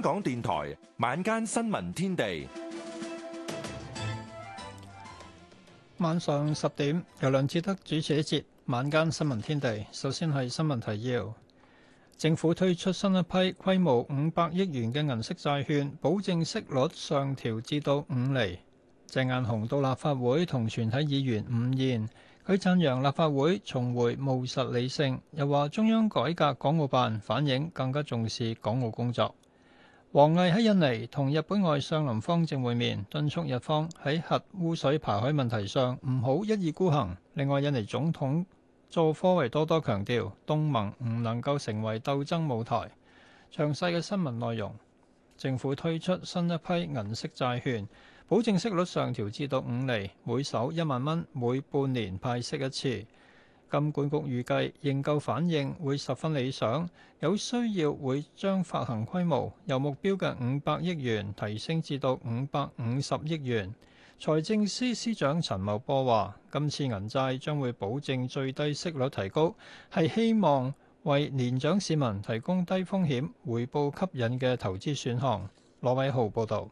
香港電台晚間新聞天地，晚上十點由梁志德主持一節晚間新聞天地。首先係新聞提要：政府推出新一批規模五百億元嘅銀色債券，保證息率上調至到五厘。鄭雁雄到立法會同全體議員午宴，佢贊揚立法會重回務實理性，又話中央改革港澳辦，反映更加重視港澳工作。王毅喺印尼同日本外相林芳正會面，敦促日方喺核污水排海問題上唔好一意孤行。另外，印尼總統佐科維多多強調，東盟唔能夠成為鬥爭舞台。詳細嘅新聞內容，政府推出新一批銀色債券，保證息率上調至到五厘，每手一萬蚊，每半年派息一次。金管局預計認購反應會十分理想，有需要會將發行規模由目標嘅五百億元提升至到五百五十億元。財政司司長陳茂波話今次銀債將會保證最低息率提高，係希望為年長市民提供低風險回報吸引嘅投資選項。羅偉豪報道。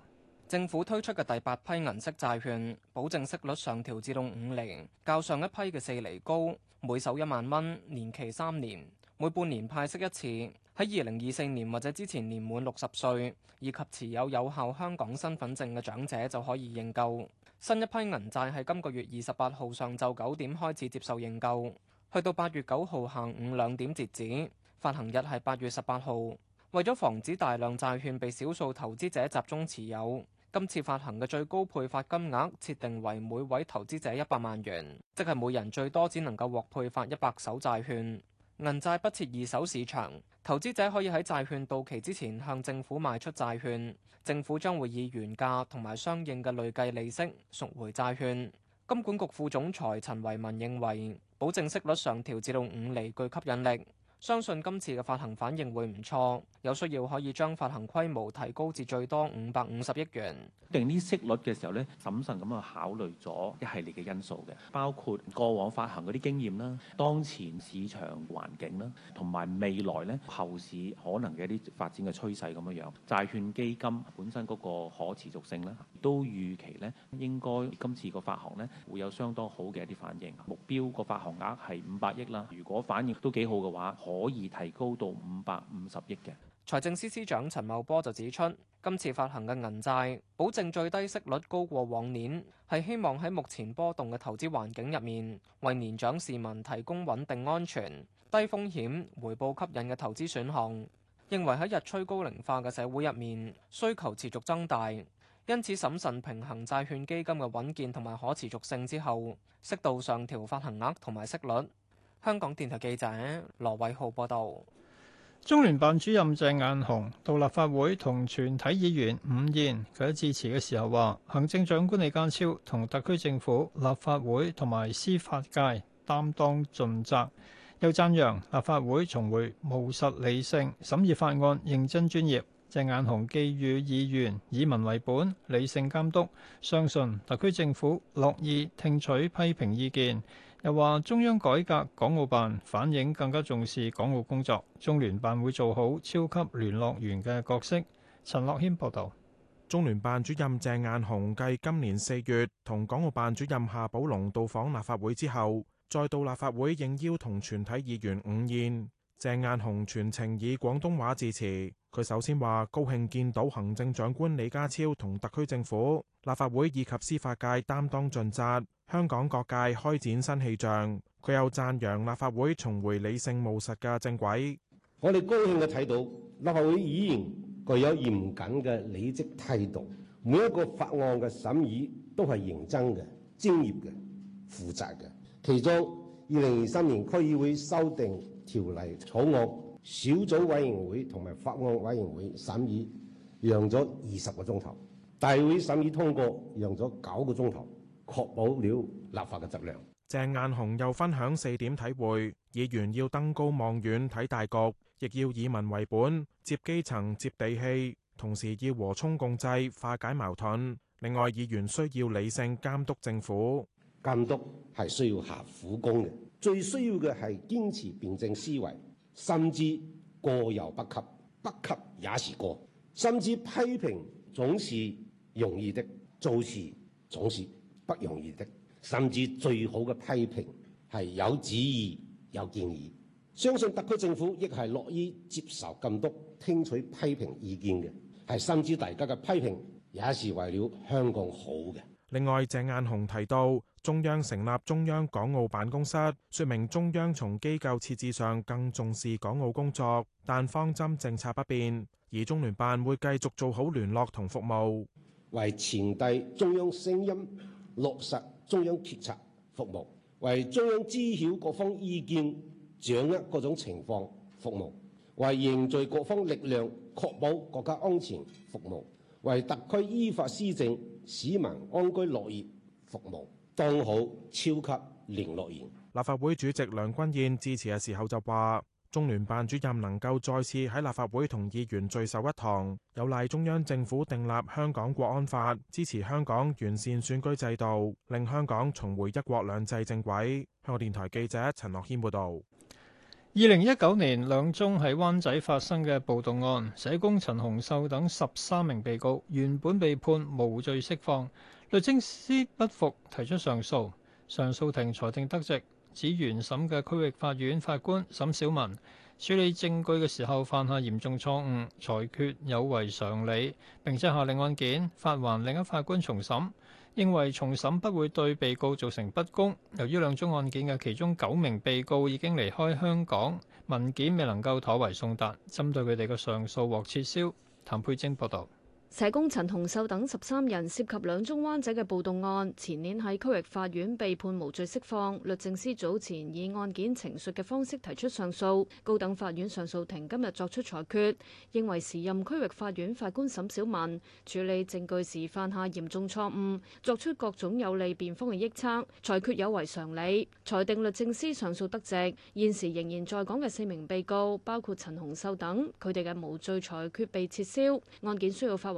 政府推出嘅第八批銀色債券保證息率上調至到五釐，較上一批嘅四厘高。每手一萬蚊，年期三年，每半年派息一次。喺二零二四年或者之前年滿六十歲以及持有有效香港身份證嘅長者就可以認購。新一批銀債喺今個月二十八號上晝九點開始接受認購，去到八月九號下午兩點截止。發行日係八月十八號。為咗防止大量債券被少數投資者集中持有，今次發行嘅最高配發金額設定為每位投資者一百萬元，即係每人最多只能夠獲配發一百手債券。銀債不設二手市場，投資者可以喺債券到期之前向政府賣出債券，政府將會以原價同埋相應嘅累計利息贖回債券。金管局副總裁陳維民認為，保證息率上調至到五厘，具吸引力。相信今次嘅發行反應會唔錯，有需要可以將發行規模提高至最多五百五十億元。定啲息率嘅時候咧，審慎咁樣考慮咗一系列嘅因素嘅，包括過往發行嗰啲經驗啦、當前市場環境啦，同埋未來咧後市可能嘅一啲發展嘅趨勢咁樣樣。債券基金本身嗰個可持續性啦，都預期咧應該今次個發行咧會有相當好嘅一啲反應，目標個發行額係五百億啦，如果反應都幾好嘅話。可以提高到五百五十億嘅。財政司司長陳茂波就指出，今次發行嘅銀債保證最低息率高過往年，係希望喺目前波動嘅投資環境入面，為年長市民提供穩定、安全、低風險、回報吸引嘅投資選項，認為喺日趨高齡化嘅社會入面，需求持續增大，因此審慎平衡債券基金嘅穩健同埋可持續性之後，適度上調發行額同埋息率。香港電台記者羅偉浩報道。中聯辦主任鄭雁雄到立法會同全體議員午宴，佢喺致辭嘅時候話，行政長官李家超同特區政府、立法會同埋司法界擔當盡責，又讚揚立法會重回務實理性審議法案，認真專業。鄭雁雄寄語議員以民為本，理性監督，相信特區政府樂意聽取批評意見。又話中央改革港澳辦反映更加重視港澳工作，中聯辦會做好超級聯絡員嘅角色。陳樂軒報道。中聯辦主任鄭雁雄繼今年四月同港澳辦主任夏寶龍到訪立法會之後，再到立法會應邀同全體議員午宴，鄭雁雄全程以廣東話致詞。佢首先話高興見到行政長官李家超同特區政府、立法會以及司法界擔當盡責，香港各界開展新氣象。佢又讚揚立法會重回理性務實嘅正軌。我哋高興嘅睇到立法會議員具有嚴謹嘅履職態度，每一個法案嘅審議都係認真嘅、專業嘅、負責嘅。其中，二零二三年區議會修訂條例草案。小組委員會同埋法案委員會審議用咗二十個鐘頭，大會審議通過用咗九個鐘頭，確保了立法嘅質量。鄭雁雄又分享四點體會：議員要登高望遠睇大局，亦要以民為本，接基層、接地氣，同時要和衷共濟，化解矛盾。另外，議員需要理性監督政府，監督係需要下苦功嘅，最需要嘅係堅持辯證思維。甚至過猶不及，不及也是過。甚至批評總是容易的，做事總是不容易的。甚至最好嘅批評係有主意、有建議。相信特區政府亦係樂於接受監督、聽取批評意見嘅，係甚至大家嘅批評也是為了香港好嘅。另外，鄭雁雄提到，中央成立中央港澳辦公室，說明中央從機構設置上更重視港澳工作，但方針政策不變。而中聯辦會繼續做好聯絡同服務，為傳遞中央聲音、落實中央決策服務，為中央知曉各方意見、掌握各種情況服務，為凝聚各方力量、確保國家安全服務，為特區依法施政、市民安居樂業服務，當好超級聯絡員。立法會主席梁君彥致辭嘅時候就話：中聯辦主任能夠再次喺立法會同議員聚首一堂，有賴中央政府訂立香港國安法，支持香港完善選舉制度，令香港重回一國兩制正軌。香港電台記者陳樂軒報道。二零一九年兩宗喺灣仔發生嘅暴動案，社工陳洪秀等十三名被告原本被判無罪釋放，律政司不服提出上訴，上訴庭裁定得直，指原審嘅區域法院法官沈小文處理證據嘅時候犯下嚴重錯誤，裁決有違常理，並且下令案件發還另一法官重審。認為重審不會對被告造成不公。由於兩宗案件嘅其中九名被告已經離開香港，文件未能夠妥為送達，針對佢哋嘅上訴獲撤銷。譚佩晶報道。社工陳虹秀等十三人涉及兩宗灣仔嘅暴動案，前年喺區域法院被判無罪釋放。律政司早前以案件呈述嘅方式提出上訴。高等法院上訴庭今日作出裁決，認為時任區域法院法官沈小民處理證據時犯下嚴重錯誤，作出各種有利辯方嘅臆測，裁決有違常理，裁定律政司上訴得直。現時仍然在港嘅四名被告，包括陳虹秀等，佢哋嘅無罪裁決被撤銷，案件需要發還。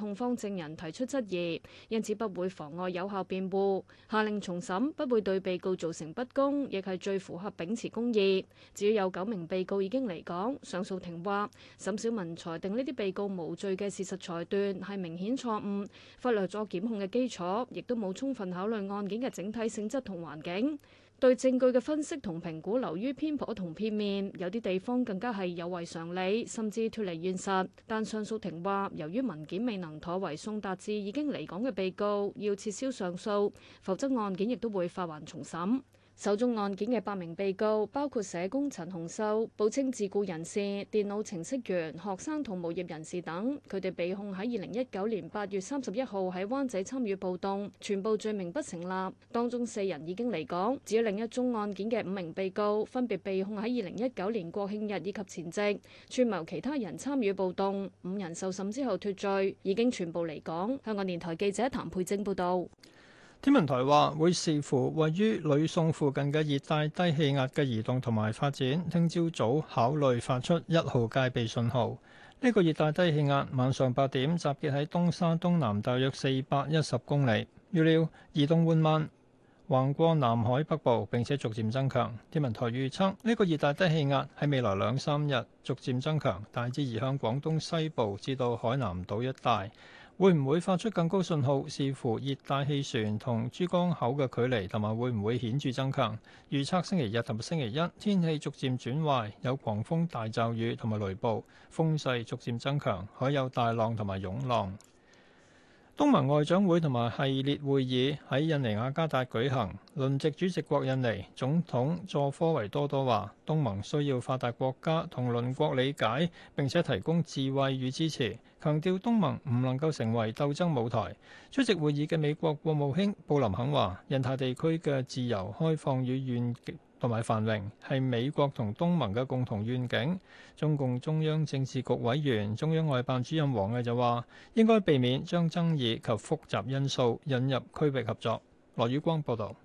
控方證人提出質疑，因此不會妨礙有效辯護，下令重審不會對被告造成不公，亦係最符合秉持公義。至於有九名被告已經離港，上訴庭話沈小民裁定呢啲被告無罪嘅事實裁斷係明顯錯誤，忽略咗檢控嘅基礎，亦都冇充分考慮案件嘅整體性質同環境。對證據嘅分析同評估流於偏頗同片面，有啲地方更加係有違常理，甚至脱離現實。但上訴庭話，由於文件未能妥為送達至已經離港嘅被告，要撤銷上訴，否則案件亦都會發還重審。首宗案件嘅八名被告包括社工陳洪秀、報稱自僱人士、電腦程式員、學生同無業人士等，佢哋被控喺二零一九年八月三十一號喺灣仔參與暴動，全部罪名不成立。當中四人已經離港，至於另一宗案件嘅五名被告，分別被控喺二零一九年國慶日以及前夕串謀其他人參與暴動，五人受審之後脫罪，已經全部離港。香港電台記者譚佩貞報道。天文台話會視乎位於呂宋附近嘅熱帶低氣壓嘅移動同埋發展，聽朝早考慮發出一號戒備信號。呢、這個熱帶低氣壓晚上八點集結喺東沙東南大約四百一十公里，預料移動緩慢，橫過南海北部並且逐漸增強。天文台預測呢、這個熱帶低氣壓喺未來兩三日逐漸增強，大致移向廣東西部至到海南島一帶。會唔會發出更高信號？視乎熱帶氣旋同珠江口嘅距離，同埋會唔會顯著增強？預測星期日同星期一天氣逐漸轉壞，有狂風大驟雨同埋雷暴，風勢逐漸增強，可有大浪同埋湧浪。東盟外長會同埋系列會議喺印尼雅加達舉行，輪值主席國印尼總統佐科維多多話：東盟需要發達國家同鄰國理解並且提供智慧與支持，強調東盟唔能夠成為鬥爭舞台。出席會議嘅美國國務卿布林肯話：印太地區嘅自由開放與願，同埋繁榮，係美國同東盟嘅共同願景。中共中央政治局委員、中央外辦主任王毅就話應該避免將爭議及複雜因素引入區域合作。羅宇光報道。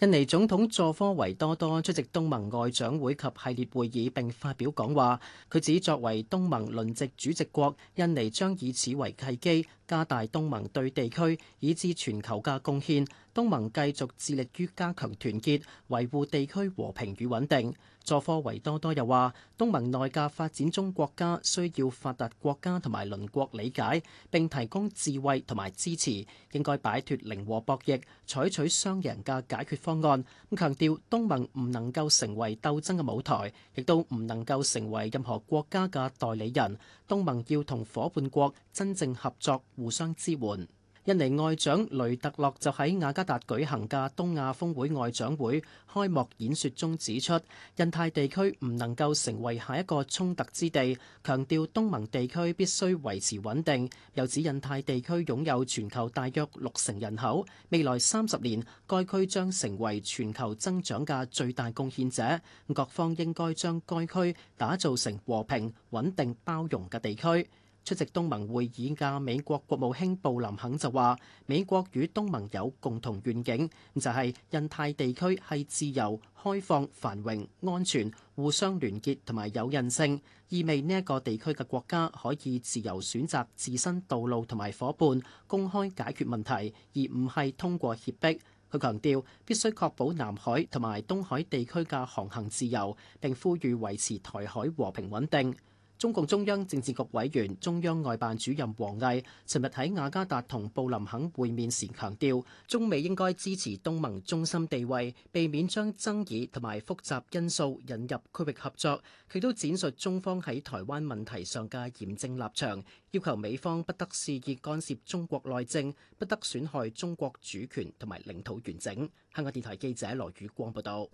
印尼總統佐科維多多出席東盟外長會及系列會議，並發表講話。佢指作為東盟輪值主席國，印尼將以此為契機，加大東盟對地區以至全球嘅貢獻。東盟繼續致力於加強團結，維護地區和平與穩定。助科維多多又話，東盟內嘅發展中國家需要發達國家同埋鄰國理解，並提供智慧同埋支持，應該擺脫零和博弈，採取雙贏嘅解決方案。咁強調，東盟唔能夠成為鬥爭嘅舞台，亦都唔能夠成為任何國家嘅代理人。東盟要同伙伴國真正合作，互相支援。印尼外長雷特諾就喺雅加達舉行嘅東亞峰會外長會開幕演說中指出，印太地區唔能夠成為下一個衝突之地，強調東盟地區必須維持穩定。又指印太地區擁有全球大約六成人口，未來三十年該區將成為全球增長嘅最大貢獻者，各方應該將該區打造成和平、穩定、包容嘅地區。出席東盟會議嘅美國國務卿布林肯就話：美國與東盟有共同願景，就係印太地區係自由、開放、繁榮、安全、互相聯結同埋有韌性，意味呢一個地區嘅國家可以自由選擇自身道路同埋伙伴，公開解決問題，而唔係通過脅迫。佢強調必須確保南海同埋東海地區嘅航行自由，並呼籲維持台海和平穩定。中共中央政治局委員、中央外辦主任王毅，尋日喺雅加達同布林肯會面時強調，中美應該支持東盟中心地位，避免將爭議同埋複雜因素引入區域合作。佢都展述中方喺台灣問題上嘅嚴正立場，要求美方不得肆意干涉中國內政，不得損害中國主權同埋領土完整。香港電台記者羅宇光報道。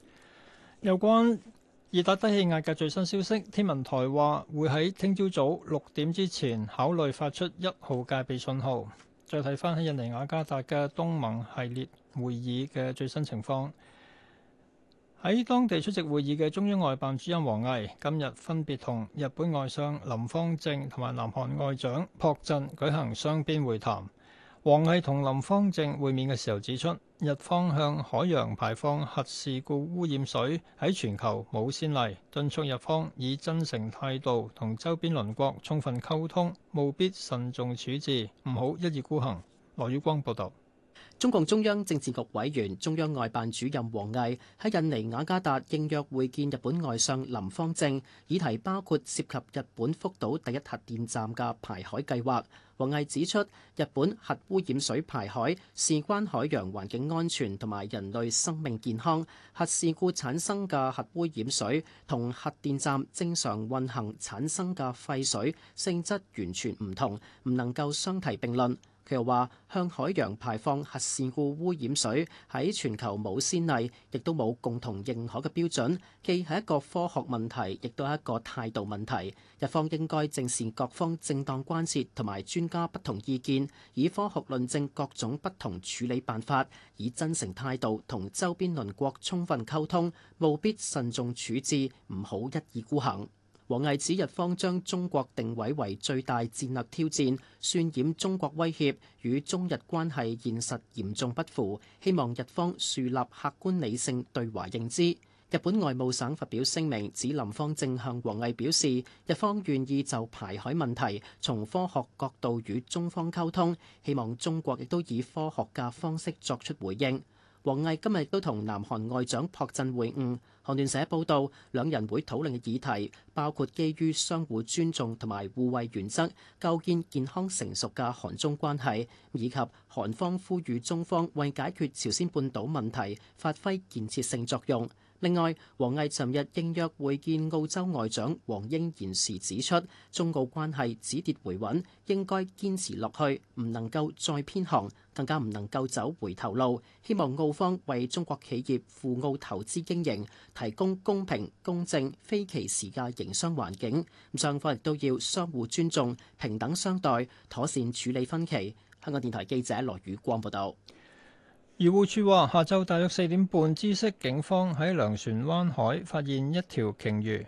有關。熱帶低氣壓嘅最新消息，天文台話會喺聽朝早六點之前考慮發出一號戒備信號。再睇翻喺印尼雅加達嘅東盟系列會議嘅最新情況。喺當地出席會議嘅中央外辦主任王毅今日分別同日本外相林芳正同埋南韓外長朴振舉行雙邊會談。王毅同林芳正會面嘅時候指出，日方向海洋排放核事故污染水喺全球冇先例，敦促日方以真誠態度同周邊鄰國充分溝通，務必慎重處置，唔好一意孤行。羅宇光報道。中共中央政治局委員、中央外辦主任王毅喺印尼雅加達應約會見日本外相林芳正，議題包括涉及日本福島第一核電站嘅排海計劃，王毅指出，日本核污染水排海事關海洋環境安全同埋人類生命健康，核事故產生嘅核污染水同核電站正常運行產生嘅廢水性質完全唔同，唔能夠相提並論。佢又話：向海洋排放核事故污染水喺全球冇先例，亦都冇共同認可嘅標準，既係一個科學問題，亦都係一個態度問題。日方應該正視各方正當關切同埋專家不同意見，以科學論證各種不同處理辦法，以真誠態度同周邊鄰國充分溝通，務必慎重處置，唔好一意孤行。王毅指日方將中國定位為最大戰略挑戰，渲染中國威脅與中日關係現實嚴重不符。希望日方樹立客觀理性對華認知。日本外務省發表聲明，指林芳正向王毅表示，日方願意就排海問題從科學角度與中方溝通，希望中國亦都以科學嘅方式作出回應。王毅今日都同南韓外長朴振會晤。韓聯社報道，兩人會討論嘅議題包括基於相互尊重同埋互惠原則，構建健康成熟嘅韓中關係，以及韓方呼籲中方為解決朝鮮半島問題發揮建設性作用。另外，王毅尋日應約會見澳洲外長黃英賢時指出，中澳關係止跌回穩，應該堅持落去，唔能夠再偏航。更加唔能夠走回頭路，希望澳方為中國企業赴澳投資經營提供公平、公正、非歧視嘅營商環境。咁雙方亦都要相互尊重、平等相待、妥善處理分歧。香港電台記者羅宇光報道。漁護署話，下晝大約四點半，知悉警方喺糧船灣海發現一條鯨魚。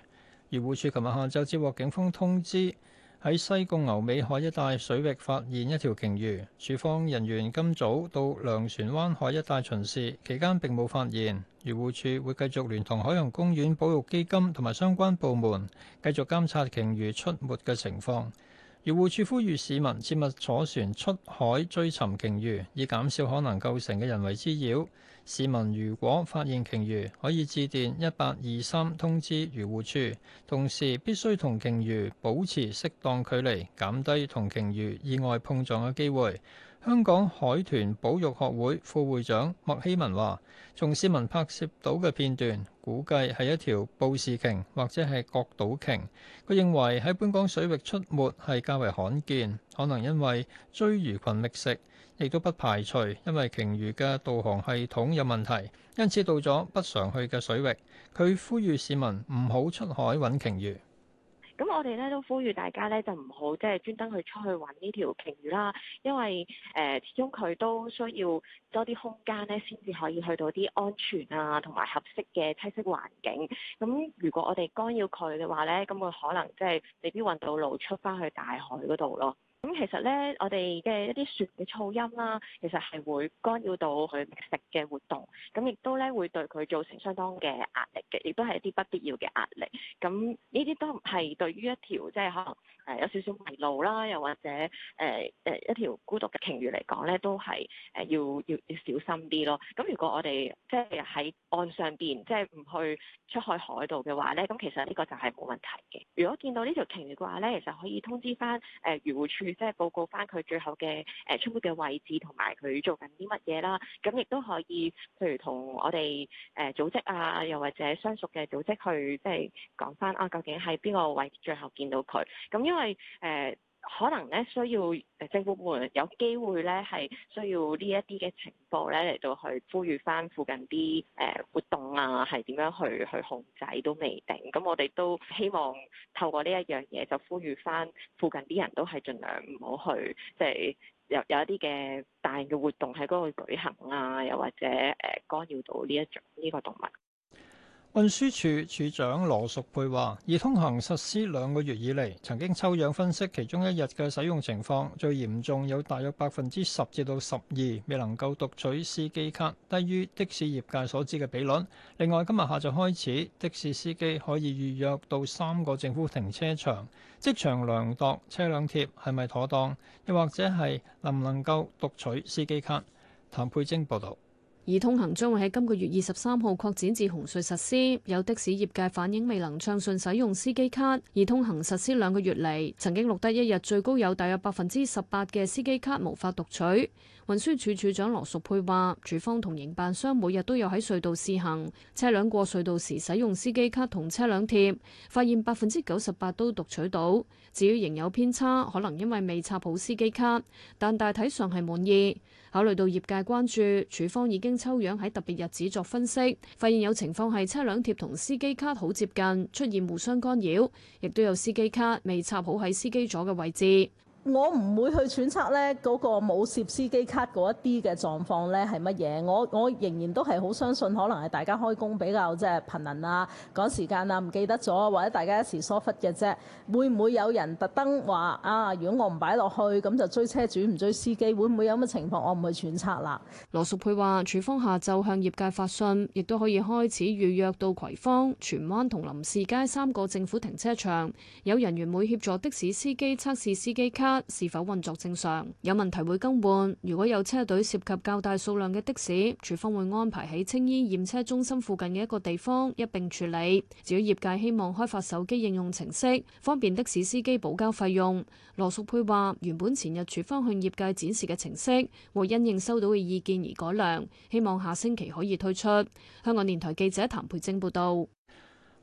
漁護署琴日下晝接獲警方通知。喺西貢牛尾海一帶水域發現一條鯨魚，署方人員今早到糧船灣海一帶巡視，期間並冇發現。漁護署會繼續聯同海洋公園保育基金同埋相關部門繼續監察鯨魚出沒嘅情況，漁護署呼籲市民切勿坐船出海追尋鯨魚，以減少可能構成嘅人為滋擾。市民如果發現鯨魚，可以致電一八二三通知漁護處，同時必須同鯨魚保持適當距離，減低同鯨魚意外碰撞嘅機會。香港海豚保育學會副會長麥希文話，從市民拍攝到嘅片段，估計係一條布氏鯨或者係角島鯨。佢認為喺本港水域出沒係較為罕見，可能因為追魚群覓食。亦都不排除，因為鯨魚嘅導航系統有問題，因此到咗不常去嘅水域。佢呼籲市民唔好出海揾鯨魚。咁我哋咧都呼籲大家咧就唔好即係專登去出去揾呢條鯨魚啦，因為誒、呃、始終，佢都需要多啲空間咧先至可以去到啲安全啊同埋合適嘅棲息環境。咁如果我哋干擾佢嘅話咧，咁佢可能即係未必揾到路出翻去大海嗰度咯。咁其實咧，我哋嘅一啲船嘅噪音啦、啊，其實係會干擾到佢覓食嘅活動，咁亦都咧會對佢造成相當嘅壓力嘅，亦都係一啲不必要嘅壓力。咁呢啲都係對於一條即係可能誒、呃、有少少迷路啦，又或者誒誒、呃、一條孤獨嘅鯨魚嚟講咧，都係誒要要要小心啲咯。咁如果我哋即係喺岸上邊，即係唔去出海海度嘅話咧，咁其實呢個就係冇問題嘅。如果見到呢條鯨魚嘅話咧，其實可以通知翻誒、呃、漁護處。即係報告翻佢最後嘅誒、呃、出沒嘅位置，同埋佢做緊啲乜嘢啦？咁亦都可以，譬如同我哋誒、呃、組織啊，又或者相熟嘅組織去即係講翻啊，究竟喺邊個位置最後見到佢？咁因為誒、呃可能咧，需要誒政府部門有機會咧，係需要呢一啲嘅情報咧，嚟到去呼籲翻附近啲誒活動啊，係點樣去去控制都未定。咁我哋都希望透過呢一樣嘢就呼籲翻附近啲人都係盡量唔好去即係有有一啲嘅大型嘅活動喺嗰度舉行啊，又或者誒干擾到呢一種呢個動物。運輸署署長羅淑佩話，易通行實施兩個月以嚟，曾經抽樣分析其中一日嘅使用情況，最嚴重有大約百分之十至到十二未能夠讀取司機卡，低於的士業界所知嘅比率。另外，今日下晝開始，的士司機可以預約到三個政府停車場，即場量度車輛貼係咪妥當，又或者係能唔能夠讀取司機卡。譚佩晶報道。而通行將會喺今個月二十三號擴展至紅隧實施，有的士業界反映未能暢順使用司機卡。而通行實施兩個月嚟，曾經錄得一日最高有大約百分之十八嘅司機卡無法讀取。運輸署署長羅淑佩話，署方同營辦商每日都有喺隧道試行，車輛過隧道時使用司機卡同車輛貼，發現百分之九十八都讀取到。至於仍有偏差，可能因為未插好司機卡，但大體上係滿意。考慮到業界關注，署方已經抽樣喺特別日子作分析，發現有情況係車輛貼同司機卡好接近，出現互相干擾，亦都有司機卡未插好喺司機座嘅位置。我唔會去揣測咧嗰個冇攝司機卡嗰一啲嘅狀況咧係乜嘢，我我仍然都係好相信，可能係大家開工比較即係頻臨啊，趕時間啊，唔記得咗或者大家一時疏忽嘅啫。會唔會有人特登話啊？如果我唔擺落去，咁就追車主唔追司機，會唔會有乜情況？我唔去揣測啦。羅淑佩話，署方下晝向業界發信，亦都可以開始預約到葵芳、荃灣同林士街三個政府停車場，有人員會協助的士司機測試司機卡。是否運作正常？有問題會更換。如果有車隊涉及較大數量嘅的士，處方會安排喺青衣驗車中心附近嘅一個地方一並處理。至於業界希望開發手機應用程式，方便的士司機補交費用，羅淑佩話：原本前日處方向業界展示嘅程式，會因應收到嘅意見而改良，希望下星期可以推出。香港電台記者譚培晶報導。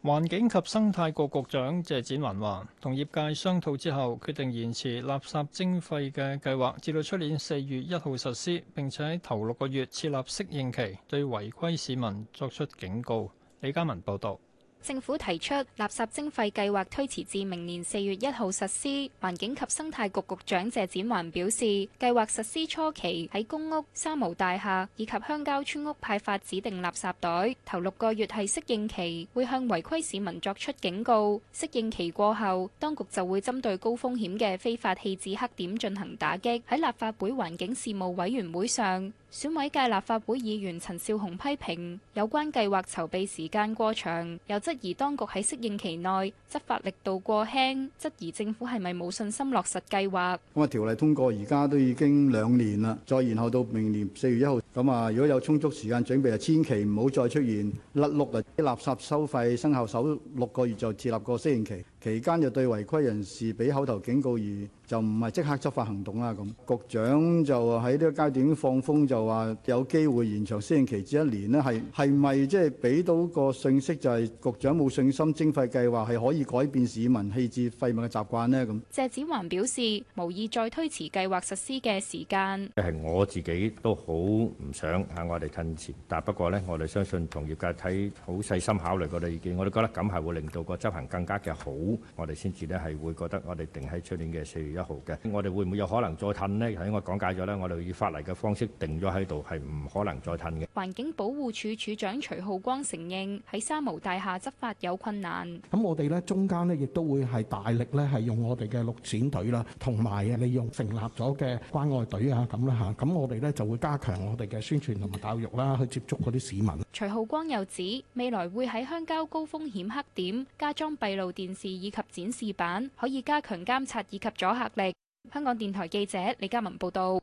環境及生態局局長謝展寰話，同業界商討之後，決定延遲垃圾徵費嘅計劃，至到出年四月一號實施。並且喺頭六個月設立適應期，對違規市民作出警告。李嘉文報導。政府提出垃圾徵費計劃推遲至明年四月一號實施。環境及生態局局長謝展環表示，計劃實施初期喺公屋、三無大廈以及鄉郊村屋派發指定垃圾袋，頭六個月係適應期，會向違規市民作出警告。適應期過後，當局就會針對高風險嘅非法棄置黑點進行打擊，喺立法會環境事務委員會上。選委界立法會議員陳紹雄批評有關計劃籌備時間過長，又質疑當局喺適應期內執法力度過輕，質疑政府係咪冇信心落實計劃。咁啊，條例通過而家都已經兩年啦，再延後到明年四月一號，咁啊，如果有充足時間準備，就千祈唔好再出現甩轆啊！啲垃圾收費生效首六個月就設立個適應期。期間就對違規人士俾口頭警告，而就唔係即刻執法行動啦。咁局長就喺呢個階段放風，就話有機會延長適應期至一年呢？係係咪即係俾到個信息，就係局長冇信心徵費計劃係可以改變市民棄置廢物嘅習慣呢？咁謝展寰表示無意再推遲計劃實施嘅時間。係我自己都好唔想喺我哋近前，但不過呢，我哋相信同業界睇好細心考慮過啲意見，我哋覺得咁係會令到個執行更加嘅好。我哋先至咧係會覺得，我哋定喺出年嘅四月一號嘅。我哋會唔會有可能再褪咧？喺我講解咗咧，我哋以法例嘅方式定咗喺度，係唔可能再褪嘅。環境保護署署長徐浩光承認喺三無大廈執法有困難。咁我哋呢，中間呢，亦都會係大力呢，係用我哋嘅綠展隊啦，同埋利用成立咗嘅關愛隊啊咁啦嚇。咁我哋呢，就會加強我哋嘅宣傳同埋教育啦，去接觸嗰啲市民。徐浩光又指未來會喺鄉郊高風險黑點加裝閉路電視。以及展示板可以加強監察以及阻嚇力。香港電台記者李嘉文報道，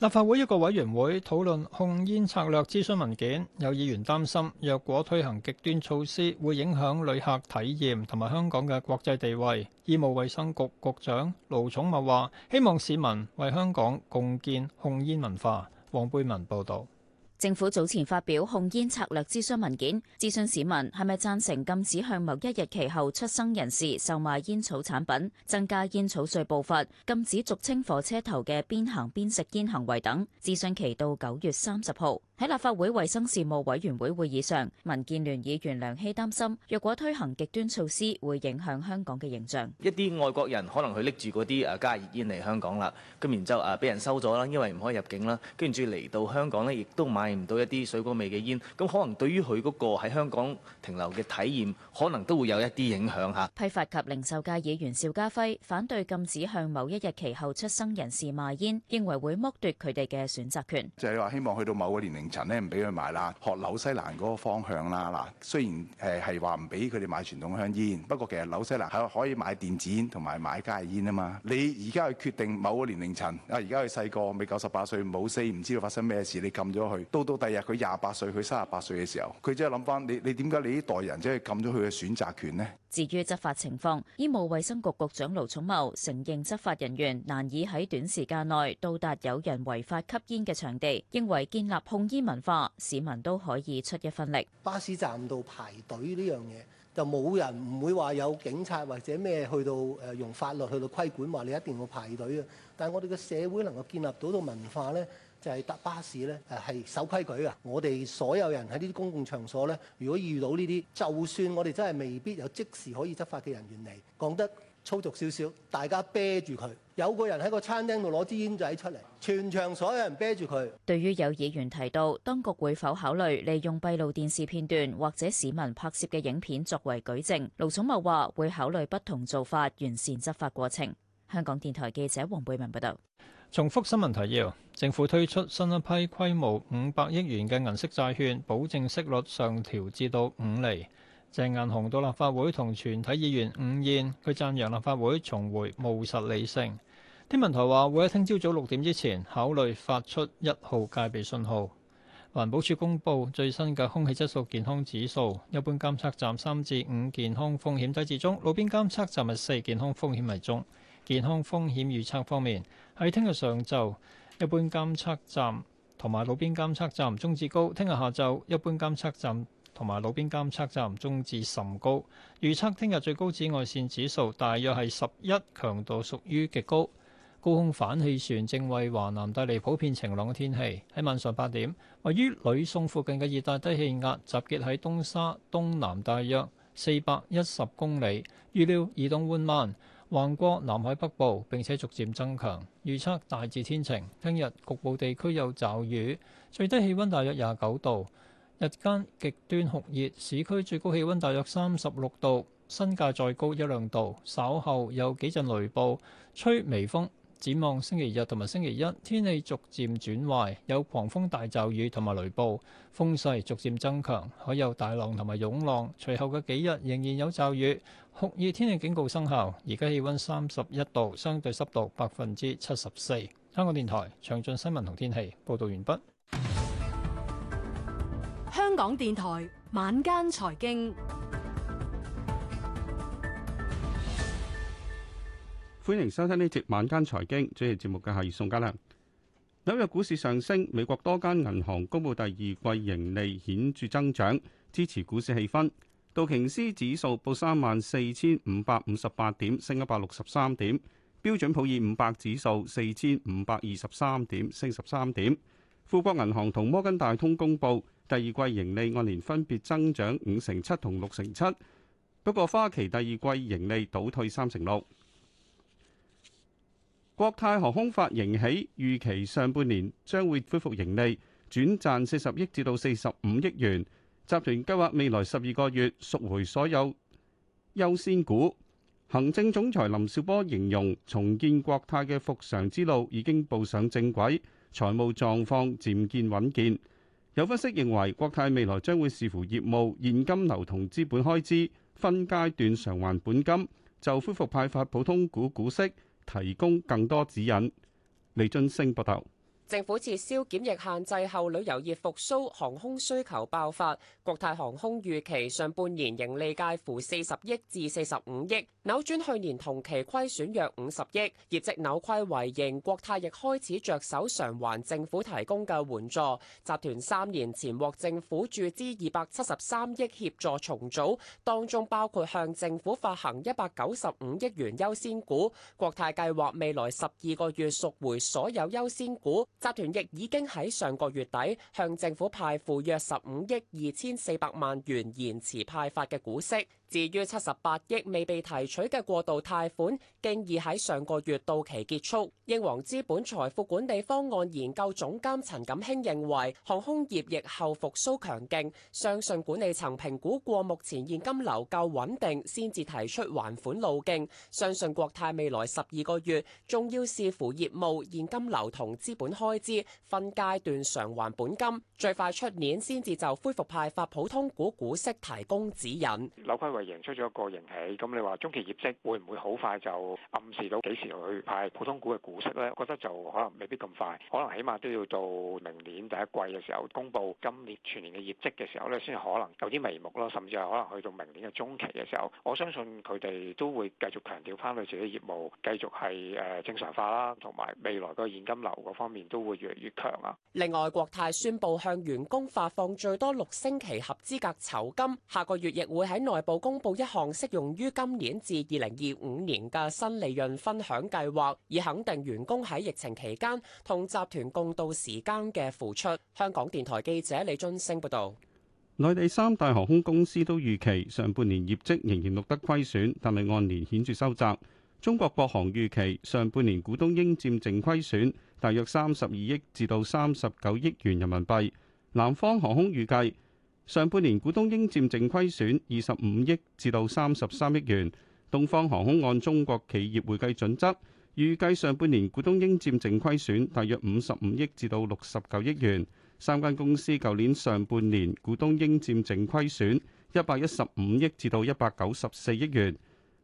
立法會一個委員會討論控煙策略諮詢文件，有議員擔心若果推行極端措施，會影響旅客體驗同埋香港嘅國際地位。醫務衛生局局長盧寵茂話，希望市民為香港共建控煙文化。黃貝文報道。政府早前發表控煙策略諮詢文件，諮詢市民係咪贊成禁止向某一日期後出生人士售賣煙草產品，增加煙草稅步伐，禁止俗稱火車頭嘅邊行邊食煙行為等。諮詢期到九月三十號。喺立法會衞生事務委員會會議上，民建聯議員梁希擔心，若果推行極端措施，會影響香港嘅形象。一啲外國人可能佢拎住嗰啲誒加熱煙嚟香港啦，咁然之後誒俾人收咗啦，因為唔可以入境啦。跟住嚟到香港呢，亦都買唔到一啲水果味嘅煙，咁可能對於佢嗰個喺香港停留嘅體驗，可能都會有一啲影響吓。批發及零售界議員邵家輝反對禁止向某一日期後出生人士賣煙，認為會剝奪佢哋嘅選擇權。就係話希望去到某個年齡層呢唔俾佢買啦，學紐西蘭嗰個方向啦。嗱，雖然誒係話唔俾佢哋買傳統香煙，不過其實紐西蘭係可以買電子煙同埋買戒煙啊嘛。你而家去決定某個年齡層啊，而家佢細個未九十八歲，冇四，唔知道發生咩事，你禁咗佢。到到第日佢廿八歲，佢三十八歲嘅時候，佢真係諗翻你，「你點解你呢代人真係禁咗佢嘅選擇權呢？」至於執法情況，醫務衛生局局長盧寵茂承認執法人員難以喺短時間內到達有人違法吸煙嘅場地，認為建立控煙文化市民都可以出一份力。巴士站度排隊呢樣嘢，就冇人唔會話有警察或者咩去到誒、呃、用法律去到規管，話你一定要排隊啊，但係我哋嘅社會能夠建立到到文化咧，就係、是、搭巴士咧誒係守規矩啊！我哋所有人喺呢啲公共場所咧，如果遇到呢啲，就算我哋真係未必有即時可以執法嘅人員嚟講得。粗俗少少，大家啤住佢。有個人喺個餐廳度攞支煙仔出嚟，全場所有人啤住佢。對於有議員提到，當局會否考慮利用閉路電視片段或者市民拍攝嘅影片作為舉證，盧寵茂話會考慮不同做法，完善執法過程。香港電台記者黃貝文報道。重複新聞提要：政府推出新一批規模五百億元嘅銀色債券，保證息率上調至到五厘。鄭雁雄到立法會同全體議員午宴，佢讚揚立法會重回務實理性。天文台話會喺聽朝早六點之前考慮發出一號戒備信號。環保署公布最新嘅空氣質素健康指數，一般監測站三至五，健康風險低至中，路邊監測站係四，健康風險為中。健康風險預測方面，喺聽日上晝一般監測站同埋路邊監測站中至高，聽日下晝一般監測站同埋路邊監測站中至甚高，預測聽日最高紫外線指數大約係十一，強度屬於極高。高空反氣旋正為華南帶嚟普遍晴朗嘅天氣。喺晚上八點，位於呂宋附近嘅熱帶低氣壓集結喺東沙東南大約四百一十公里，預料移動緩慢，橫過南海北部並且逐漸增強。預測大致天晴，聽日局部地區有驟雨，最低氣溫大約廿九度。日間極端酷熱，市區最高氣溫大約三十六度，新界再高一兩度。稍後有幾陣雷暴，吹微風。展望星期日同埋星期一，天氣逐漸轉壞，有狂風大驟雨同埋雷暴，風勢逐漸增強，海有大浪同埋湧浪。隨後嘅幾日仍然有驟雨，酷熱天氣警告生效。而家氣溫三十一度，相對濕度百分之七十四。香港電台詳盡新聞同天氣報導完畢。港電台晚間財經，歡迎收聽呢節晚間財經。主持節目嘅係宋家良。紐約股市上升，美國多間銀行公布第二季盈利顯著增長，支持股市氣氛。道瓊斯指數報三萬四千五百五十八點，升一百六十三點；標準普爾五百指數四千五百二十三點，升十三點。富國銀行同摩根大通公布。第二季盈利按年分別增長五成七同六成七，不過花旗第二季盈利倒退三成六。國泰航空發盈喜，預期上半年將會恢復盈利，轉賺四十億至到四十五億元。集團計劃未來十二個月贖回所有優先股。行政總裁林紹波形容重建國泰嘅復常之路已經步上正軌，財務狀況漸見穩健。有分析認為，國泰未來將會視乎業務現金流同資本開支，分階段償還本金，就恢復派發普通股股息，提供更多指引。李俊升報道。政府撤銷檢疫限制後，旅遊業復甦，航空需求爆發。國泰航空預期上半年盈利介乎四十億至四十五億，扭轉去年同期虧損約五十億，業績扭虧為盈。國泰亦開始着手償還政府提供嘅援助。集團三年前獲政府注資二百七十三億協助重組，當中包括向政府發行一百九十五億元優先股。國泰計劃未來十二個月贖回所有優先股。集團亦已經喺上個月底向政府派付約十五億二千四百萬元延遲派發嘅股息。至於七十八億未被提取嘅過渡貸款，經已喺上個月到期結束。英皇資本財富管理方案研究總監陳錦興認為，航空業疫後復甦強勁，相信管理層評估過目前現金流夠穩定，先至提出還款路徑。相信國泰未來十二個月仲要視乎業務現金流同資本開支，分階段償還本金，最快出年先至就恢復派發普，普通股股息提供指引。係贏出咗一個盈起，咁你話中期業績會唔會好快就暗示到幾時去派普通股嘅股息咧？我覺得就可能未必咁快，可能起碼都要到明年第一季嘅時候公布今年全年嘅業績嘅時候咧，先可能有啲眉目咯。甚至係可能去到明年嘅中期嘅時候，我相信佢哋都會繼續強調翻佢自己業務繼續係誒正常化啦，同埋未來個現金流嗰方面都會越嚟越強啦。另外，國泰宣布向員工發放最多六星期合資格酬金，下個月亦會喺內部公布一項適用於今年至二零二五年嘅新利潤分享計劃，以肯定員工喺疫情期間同集團共度時間嘅付出。香港電台記者李津升報道，內地三大航空公司都預期上半年業績仍然錄得虧損，但係按年顯著收窄。中國國航預期上半年股東應佔淨虧損大約三十二億至到三十九億元人民幣。南方航空預計。上半年股東應占淨虧損二十五億至到三十三億元。東方航空按中國企業會計準則，預計上半年股東應占淨虧損大約五十五億至到六十九億元。三間公司舊年上半年股東應占淨虧損一百一十五億至到一百九十四億元。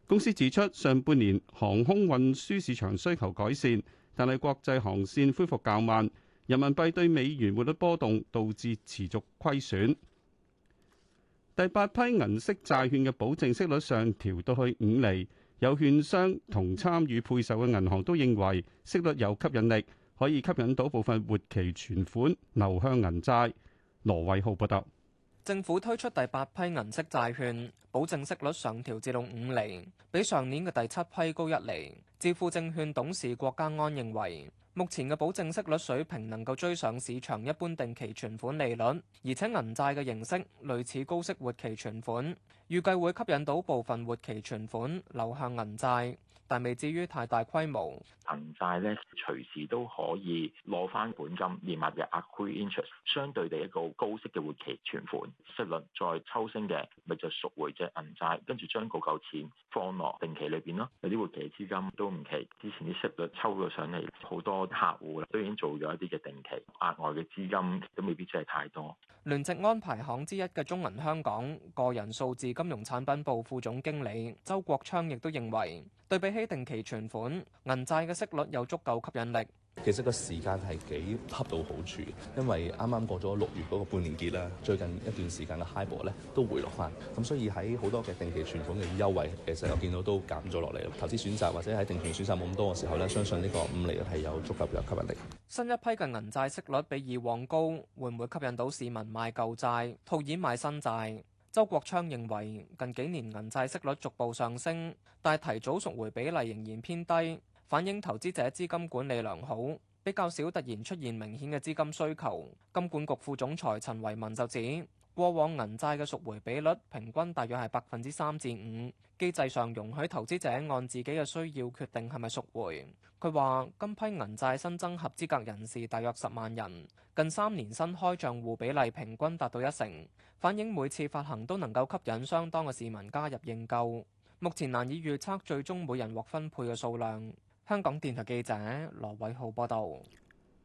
公司指出，上半年航空運輸市場需求改善，但係國際航線恢復較慢，人民幣對美元匯率波動導致持續虧損。第八批銀色債券嘅保證息率上調到去五厘。有券商同參與配售嘅銀行都認為息率有吸引力，可以吸引到部分活期存款流向銀債。羅偉浩報道，政府推出第八批銀色債券，保證息率上調至到五厘，比上年嘅第七批高一厘。智富證券董事郭家安，安認為。目前嘅保證息率水平能夠追上市場一般定期存款利率，而且銀債嘅形式類似高息活期存款，預計會吸引到部分活期存款流向銀債。但未至於太大規模，銀債咧隨時都可以攞翻本金，連埋嘅額外 interest 相對地一個高息嘅活期存款息率再抽升嘅，咪就贖回隻銀債，跟住將嗰嚿錢放落定期裏邊咯。有啲活期資金都唔期。之前啲息率抽咗上嚟，好多客戶啦都已經做咗一啲嘅定期，額外嘅資金都未必真係太多。聯席安排行之一嘅中銀香港個人數字金融產品部副總經理周國昌亦都認為。對比起定期存款，銀債嘅息率有足夠吸引力。其實個時間係幾恰到好處，因為啱啱過咗六月嗰個半年結啦，最近一段時間嘅 HIBOR 咧都回落翻，咁所以喺好多嘅定期存款嘅優惠，其實我見到都減咗落嚟。投資選擇或者喺定期選擇冇咁多嘅時候咧，相信呢個五厘係有足夠嘅吸引力。新一批嘅銀債息率比以往高，會唔會吸引到市民賣舊債，套現買新債？周國昌認為，近幾年銀債息率逐步上升，但提早贖回比例仍然偏低，反映投資者資金管理良好，比較少突然出現明顯嘅資金需求。金管局副總裁陳維民就指。過往銀債嘅贖回比率平均大約係百分之三至五，機制上容許投資者按自己嘅需要決定係咪贖回。佢話今批銀債新增合資格人士大約十萬人，近三年新開賬戶比例平均達到一成，反映每次發行都能夠吸引相當嘅市民加入認購。目前難以預測最終每人獲分配嘅數量。香港電台記者羅偉浩報道。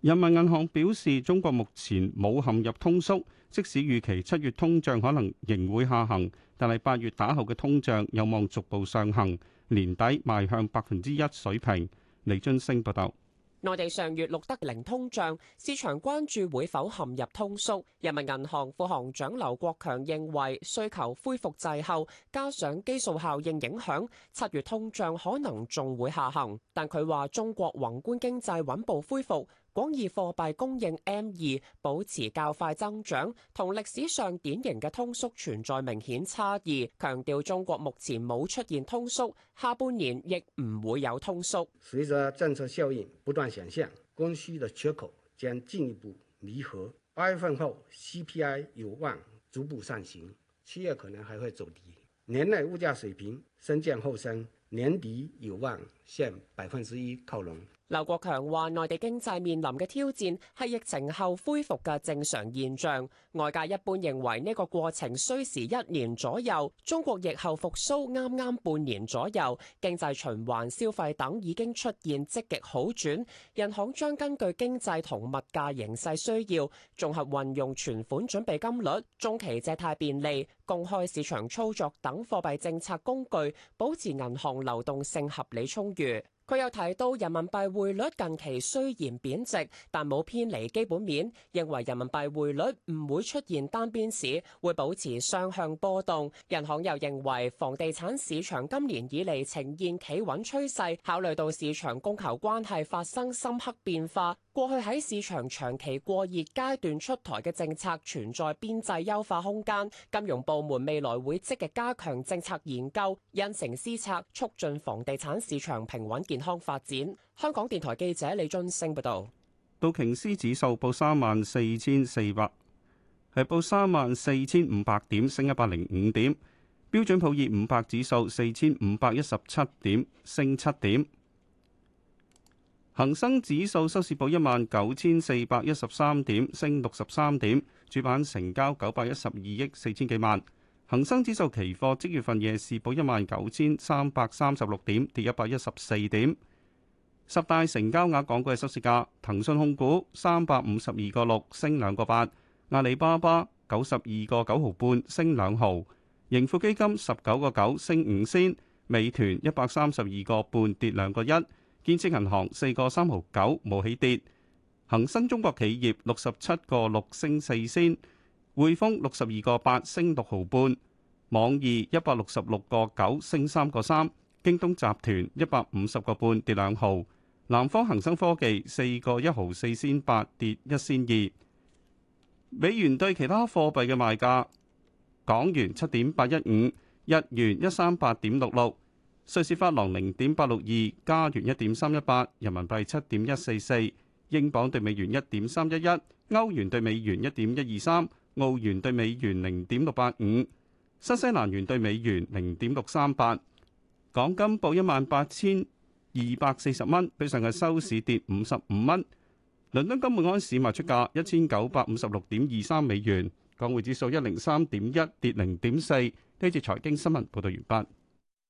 人民銀行表示，中國目前冇陷入通縮，即使預期七月通脹可能仍會下行，但係八月打後嘅通脹有望逐步上行，年底邁向百分之一水平。李津星報道，內地上月錄得零通脹，市場關注會否陷入通縮。人民銀行副行長劉國強認為，需求恢復滯後，加上基數效應影響，七月通脹可能仲會下行。但佢話中國宏觀經濟穩步恢復。.廣義貨幣供應 M2 保持較快增長，同歷史上典型嘅通縮存在明顯差異。強調中國目前冇出現通縮，下半年亦唔會有通縮。隨着政策效應不斷顯現，供需的缺口將進一步彌合。八月份後 CPI 有望逐步上行，七月可能還會走低。年內物價水平升降後升，年底有望向百分之一靠攏。劉國強話：內地經濟面臨嘅挑戰係疫情後恢復嘅正常現象，外界一般認為呢個過程需時一年左右。中國疫後復蘇啱啱半年左右，經濟循環、消費等已經出現積極好轉。人行將根據經濟同物價形勢需要，綜合運用存款準備金率、中期借貸便利、公開市場操作等貨幣政策工具，保持銀行流動性合理充裕。佢又提到，人民幣匯率近期雖然貶值，但冇偏離基本面，認為人民幣匯率唔會出現單邊市，會保持雙向波動，人行又認為房地產市場今年以嚟呈現企穩趨勢，考慮到市場供求關係發生深刻變化。過去喺市場長期過熱階段出台嘅政策存在邊際優化空間，金融部門未來會積極加強政策研究，因城施策，促進房地產市場平穩健康發展。香港電台記者李俊升報道。道瓊斯指數報三萬四千四百，係報三萬四千五百點，升一百零五點。標準普爾五百指數四千五百一十七點，升七點。恒生指數收市報一萬九千四百一十三點，升六十三點，主板成交九百一十二億四千幾萬。恒生指數期貨即月份夜市報一萬九千三百三十六點，跌一百一十四點。十大成交額港股嘅收市價：騰訊控股三百五十二個六，升兩個八；阿里巴巴九十二個九毫半，升兩毫；盈富基金十九個九，升五仙；美團一百三十二個半，跌兩個一。建設銀行四個三毫九，冇起跌。恒生中國企業六十七個六，升四仙，匯豐六十二個八，升六毫半，網易一百六十六個九，升三個三，京東集團一百五十個半，跌兩毫，南方恒生科技四個一毫四仙八，跌一仙二。美元對其他貨幣嘅賣價：港元七點八一五，日元一三八點六六。瑞士法郎零點八六二，加元一點三一八，人民幣七點一四四，英鎊對美元一點三一一，歐元對美元一點一二三，澳元對美元零點六八五，新西蘭元對美元零點六三八。港金報一萬八千二百四十蚊，比上日收市跌五十五蚊。倫敦金本安市賣出價一千九百五十六點二三美元，港匯指數一零三點一，跌零點四。呢節財經新聞報道完畢。